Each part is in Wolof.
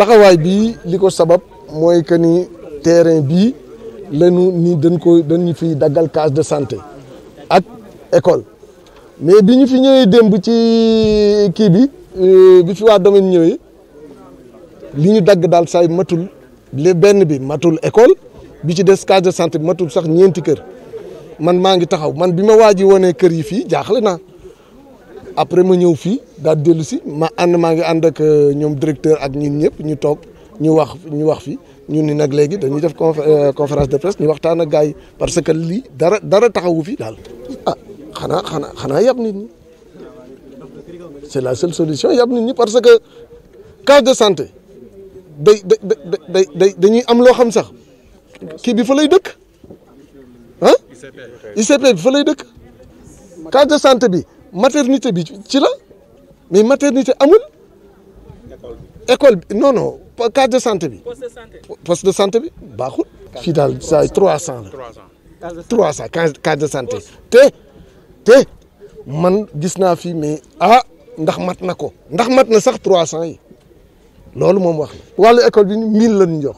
taxawaay bii li ko sabab mooy que ni terrain bii lañu ni dañ ko dañu fi daggal case de santé ak école mais bi ñu fi ñëwee démb ci kii bi euh, bi fi waa domaine ñëwee li ñu dagg daal saay matul li benn bi matul école bi ci des case de santé matul sax ñeenti kër man maa ngi taxaw man bi ma waaj a wone kër yi fii jaaxle naa. après ma ñëw fii daal dellu si ma ànd maa ngi ànd ak euh, ñoom directeur ak ñun ñëpp ñu toog ñu wax ñu wax fii ñun ni nag léegi dañuy def euh, conférence de presse ñu waxtaan a gars yi parce que lii dara dara taxawu fi daal ah xanaa xanaa xanaa yab nit ñi c'est la seule solution yab nit ñi parce que cas de santé day dañuy am loo xam sax kii bi fa lay dëkk ah fa lay dëkk cas de santé bi maternité bi ci la mais maternité amul école bi non non case de santé bi poste de santé bi baaxul fii daal saa trois cent la trois cent case de santé te te man gis naa fii mais ah ndax mat na ko ndax mat na sax trois cent yi loolu moom wax wala ecole bi mille la ñu jox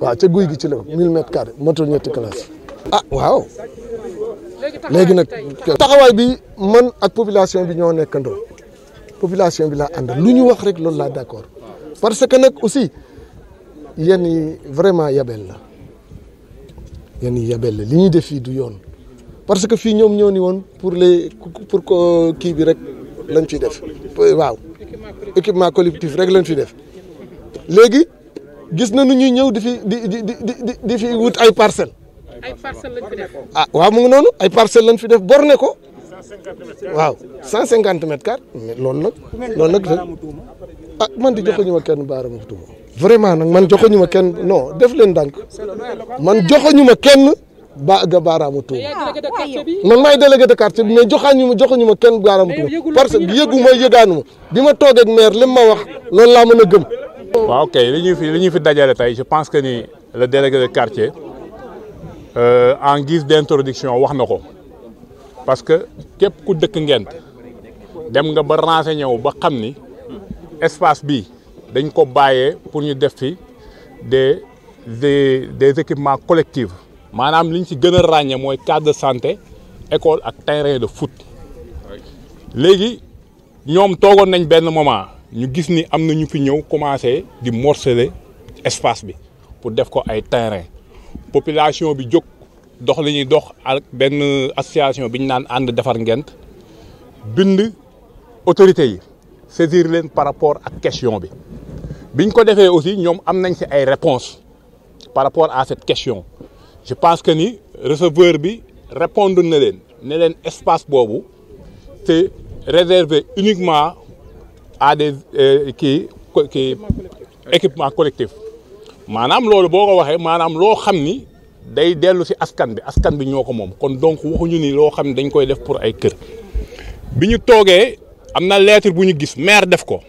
waaw ca guy gi ci la mille mètres carrés matul ñetti classe ah waaw léegi nag taxawaay bi man ak population bi ñoo nekkandoo population bi laa ànd lu ñu wax rek loolu laa d'accord parce que nekk aussi yenn yi vraiment yabel la yenn yi yabel la li ñuy def fii du yoon parce que fii ñoom ñoo ni woon pour le pour ko kii bi rek lañ fiy def waaw équipement collectif rek lañ fiy def léegi gis na nu ñuy ñëw di fi di di di di fi wut ay parcelles ah waaw mu ngi noonu ay parcelles lañ fi def borne ko waaw 150 mètres carrés mais loolu nag loolu nag ah man di joxuñu ma kenn baaraamu tuuma vraiment nag man joxuñu ma kenn non def leen ndànk man joxuñu ma kenn ba ga baaraamu tuuma man maay délégué de quartier bi mais joxaañu ma joxuñu ma kenn baaraamu tuuma parce que yëgu ma yëgaanu ma bi ma toog ak maire li ma wax loolu laa mën a gëm. waaw ok li ñu fi fi dajale tey je pense que nii le délégué de quartier. Euh, en guise d'introduction wax na ko parce que képp ku dëkk Ngent dem nga ba renseigné wu ba xam ni espace bi dañ ko bàyyee pour ñu def fi des des équipement collective collectifs maanaam liñ si gën a ràññee mooy case de santé école ak terrain de foot léegi ñoom toogoon nañ benn moment ñu gis ni am na ñu fi ñëw commencé di morceler espace bi pour def ko ay terrain population bi jóg dox li ñuy dox ak benn association bi ñu naan ànd defar ngent bind autorités yi saisir leen par rapport ak question bi biñ ko defee aussi ñoom am nañ si ay réponses par rapport à cette question je pense que ni receveur bi répondre na leen ne leen espace boobu c'est réservé uniquement à des euh, kii kii équipement collectif maanaam loolu boo ko waxee maanaam loo xam ni day dellu si askan bi askan bi ñoo ko moom kon donc waxuñu nii loo xam ni dañ koy def pour ay kër bi ñu toogee am na lettre bu ñu gis maire def ko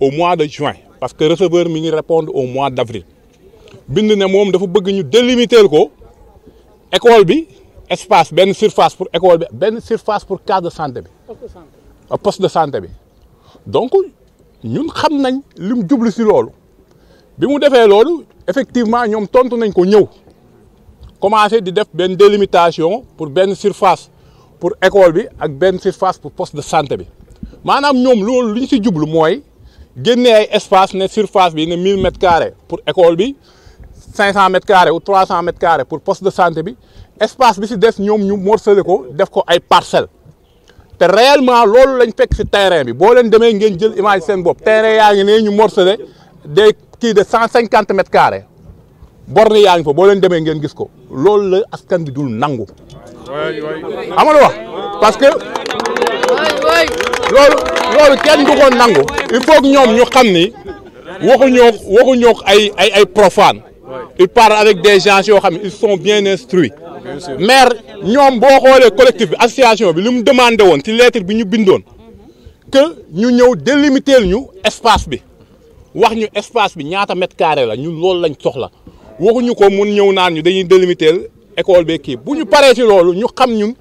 au mois de juin parce que receveur mi ngi répondre au mois d' avril bind ne moom dafa bëgg ñu délimiter ko école bi espace benn surface pour école bi benn surface pour case de santé bi poste de santé bi donc ñun xam nañ mu jublu si loolu bi mu defee loolu effectivement ñoom tontu nañ ko ñëw commencé di def benn délimitation pour benn surface pour école bi ak benn surface pour poste de santé bi maanaam ñoom loolu li ñu si jublu mooy génnee ay espace ne surface bi ne 1000 mètres pour école bi met mètres carrés ou 300 mètres carrés pour poste de santé bi espace bi si des ñoom ñu morcelé ko def ko ay parcelles te réellement loolu lañ fekk si terrain bi boo leen demee ngeen jël image seen bopp terrain yaa ngi ne ñu morcelé. des kii de cent cinquante mètres carrés borne yaa ngi fa boo leen demee ngeen gis ko loolu la askan bi dul nangu. amul wax parce que loolu loolu kenn du nangu. il faut ñoom ñu xam ni waxuñoo waxuñoo ay ay ay profane. il parle avec des gens yoo xam ne ils sont bien instruits. maire ñoom boo xoolee collectif bi association bi li mu demandé woon ci lettre bi ñu bindoon que ñu ñëw délimiter ñu espace bi. wax ñu espace bi ñaata mètre carré la ñun loolu lañ soxla waxuñu ko mun ñëw naan ñu dañuy délimiter école bi kii bu ñu paree ci loolu ñu xam ñun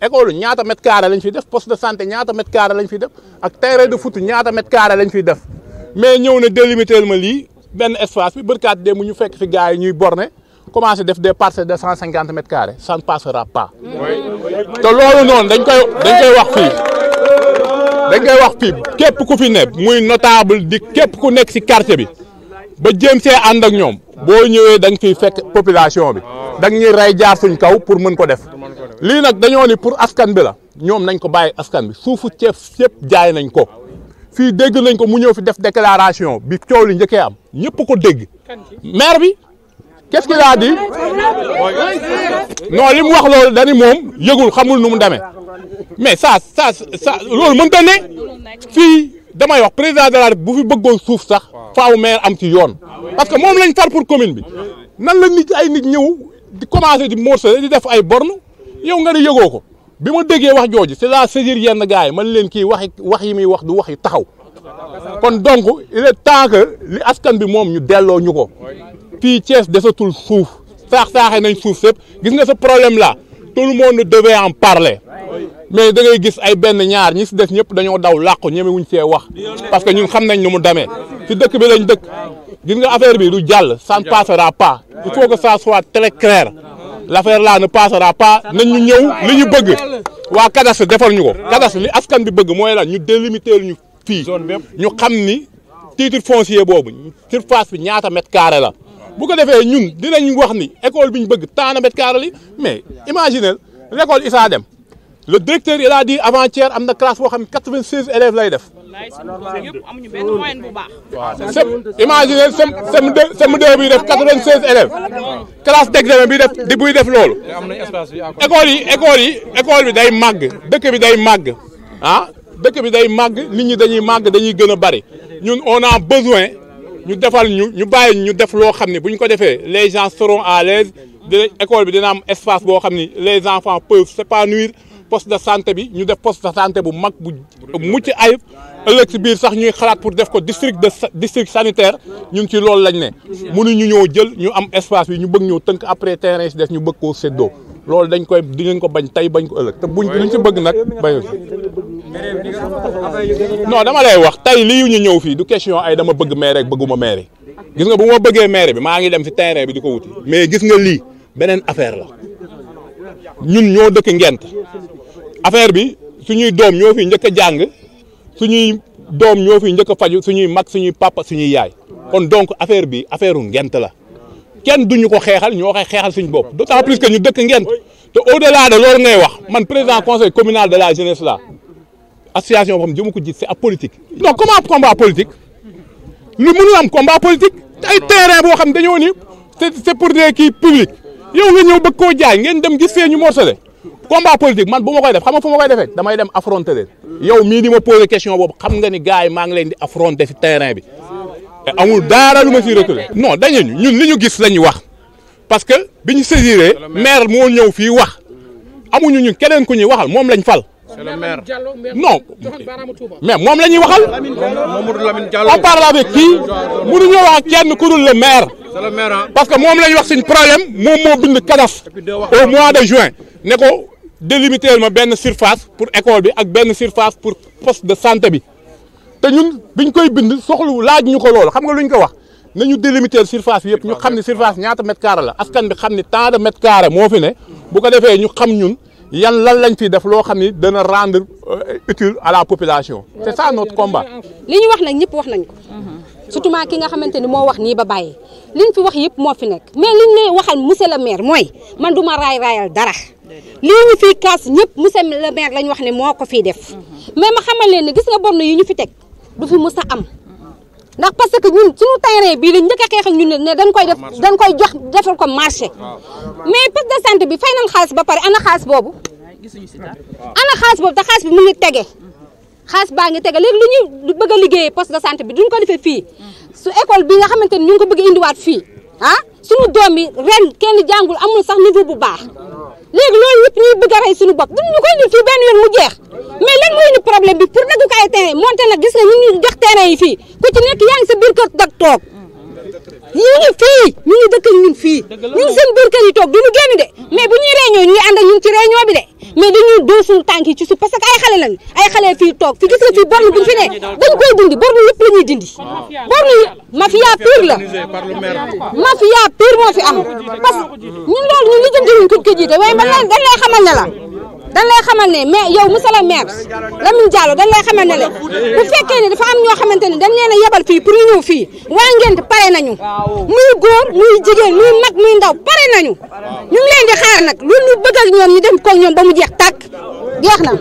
école ñaata mètre carré lañ fiy def poste de santé ñaata mètre carré lañ fiy def ak terrain de foot ñaata mètre carré lañ fiy def mais ñëw na délimiter ma lii benn espace bi bërkaat dee mu ñu fekk fi gars yi ñuy borne commencé def des parcelles de cent cinquante mètres carrés ça passera pas te loolu noonu dañ koy dañ koy dañ koy wax fii képp ku fi ne muy notable di képp ku nekk si quartier bi ba jéem see ànd ak ñoom boo ñëwee da nga fiy fekk population bi da ñuy rey jaar suñ kaw pour mën ko def lii nag dañoo ni pour askan bi la ñoom nañ ko bàyyi askan bi suufu ceeb yëpp jaay nañ ko fii dégg nañ ko mu ñëw fi def déclaration bi coow li njëkkee am ñépp ko dégg maire bi qu'est-ce qu'il a li mu wax loolu dani moom yëgul xamul nu mu demee mais ça ça ça loolu mënta ne fii damay wax président de bu fi bëggoon suuf sax faaw maire am ci yoon parce que moom lañ far pour commune bi nan la nit ay nit ñëw di commencé di morceler di def ay bornes yow nga ne yëgoo ko bi ma déggee wax jooju c'est la saisir yenn gars yi man leen kii waxi wax yi muy wax du wax yi taxaw kon donc il est temps li askan bi moom ñu delloo ñu ko fii Thiès desatul suuf saax saaxee nañ suuf sëpp gis nga ce problème la tout le monde devait en parler mais da ngay gis ay benn ñaar ñi si des ñëpp dañoo daw làqu ñemewuñ see wax parce que ñun xam nañ nu mu demee si dëkk bi lañ dëkk gis nga affaire bi du jàll ça ne pa pas il faut que ça soit très clair l' affaire là ne passera pas nañ ñu ñëw li ñu bëgg waa cadastre defar ñu ko cadastre li askan bi bëgg mooy la ñu délimiter ñu fii ñu xam ni titre foncier boobu surface bi ñaata mètre carré la bu ko defee ñun dinañ wax ni école bi ñu bëgg tant de mètre carré li mais imaginez l' école Issa Dème le directeur il a dit avant-hier am na classe boo xam ne quatre-vingt-seize élèves lay def. waaw sem imaginez sem sem deux sem deux bi def quatre-vingt-seize élèves classe d'examen bi def di buy def loolu. école yi école yi école bi day màgg dëkk bi day màgg ah dëkk bi day màgg nit ñi dañuy màgg dañuy gën a bari ñun on a besoin ñu defal ñu ñu bàyyi ñu def loo xam ne bu ñu ko defee les gens seront à l'aise école bi dina am espace boo xam ne les enfants peuvent s'épanouir. poste de santé bi ñu def poste de santé bu mag bu mucc ay ëllëg si biir sax ñuy xalaat pour def ko district de district sanitaire ñun ci loolu lañ ne mënuñu ñoo jël ñu am espace bi ñu bëgg ñoo tënk après terrain si des ñu bëgg koo seddoo loolu dañ koy dinañ ko bañ tey bañ ko ëllëg te buñ luñ si bëgg nag bañ non dama lay wax tey lii ñu ñëw fii du question ay dama bëgg maire ak bëgguma maire gis nga bu ma bëggee maire bi maa ngi dem si terrain bi di ko wuti mais gis nga lii beneen affaire la ñun ñoo dëkk ngent affaire bi suñuy doom ñoo fi njëkk jàng suñuy doom ñoo fi njëkk faj faju suñuy mag suñuy papa suñuy yaay kon donc affaire bi affaire u ngent la kenn duñu ko xeexal ñoo koy xeexal suñu bopp d'autant plus que ñu dëkk ngent te au delà de loolu ngay wax man président conseil communal de la jeunesse la association boo xam jëmu ko jiit c'est apolitique non comment combat politique lu mënul am combat politique ay terrain boo xam dañoo ni c'est c'est pour des kii yow nga ñëw bëgg koo jaay ngeen dem gis fee ñu morcelé combat politique man bu ma koy def xam fu ma koy defee damay dem affronter leen yow mii di ma poser question boobu xam nga ni gars yi maa ngi leen di affronter ci terrain bi te amul daara lu ma ciy reculer. no dañu ñun li ñu gis lañu wax parce que bi ñu saisiré maire moo ñëw fii wax amuñu ñun keneen ku ñuy waxal moom lañ fal. c'est le maire non mais moom la ñuy waxal. Mamadou Lamine Diallo on parle avec qui mënuñoo a kenn ku dul le maire. parce que moom la ñu wax suñ problème moom moo bind kadaf au mois de juin ne ko ma benn surface pour école bi ak benn surface pour poste de santé bi te ñun biñ koy bind soxlu laaj ñu ko loolu xam nga luñ ko wax nañu délimiter surface bi yëpp ñu xam ne surface ñaata mètre carré la askan bi xam ne tant de mètre carré moo fi ne bu ko defee ñu xam ñun yan lan lañ fi def loo xam ni dana rendre euh, utile à la population c'est ça notre combat li ñëpp wax nañ ko mhm. surtout maa ki nga xamante ni moo wax nii ba bàyyi liñ fi wax yëpp moo fi nekk mais liñ lay waxal monsieur le maire mooy man du ma raay raayal dara lii ñu fiy kaas ñëpp monsieur le meer lañu wax ne moo ko fiy def mhm. mais ma xamal leen ne gis nga borne yi ñu fi teg du fi mus a am ndax parce que ñun suñu terrain bii lañ njëkk a xeex ak ñun ne dañ koy def dañ koy jox defal ko marché mais poste de santé bi fay nañ xaalis ba pare ana xaalis boobu ana xaalis boobu te xaalis bi mu xaalis baa ngi tege léegi lu ñuy bëgg a liggéeyee poste de santé bi duñ ko defee fii su école bi nga xamante ni ñu ngi ko bëgg indiwaat fii ah suñu doom yi ren kenn jàngul amul sax niveau bu baax léegi loolu yëpp ñuy bëgg a rey suñu bopp duñ ñu koy indi fii benn yoon mu jeex mais lan mooy ni problème bi pour dagg ko ay terrain monté nag gis nga ñu jox terrain yi fii ku ci nekk yaa ngi sa biir kër dag toog ñu ngi fii ñu ngi dëkk ñun fii ñu ngi seen biir kër yi toog duñu génn de mais bu ñuy réunion ñu ngi ànd ak ñun ci réunion bi de mais dañuy dóor suñu tànk yi ci suuf parce que ay xale lañu ay xale fii toog fi gis nga fii borne bu ñu fi ne dañ koy dindi borne yëpp la ñuy dindi borne yi mafia pire la mafia pire moo fi am parce que ñun loolu ñu lijjanti wuñ ko ko jiite waaye man dañ lay xamal ne la dañ lay xamal ne yow monsieur le maire Lamine Diallo dañ lay xamal ne la bu fekkee ne dafa am ñoo xamante ne dañ leen a yebal fii pour ñu ñëw fii waa ngent pare nañu muy góor muy jigéen muy mag muy ndaw pare nañu ñu leen di xaar nag lu ñu bëgg ñoom ñu dem koog ñoom ba mu jeex tàkk jeex na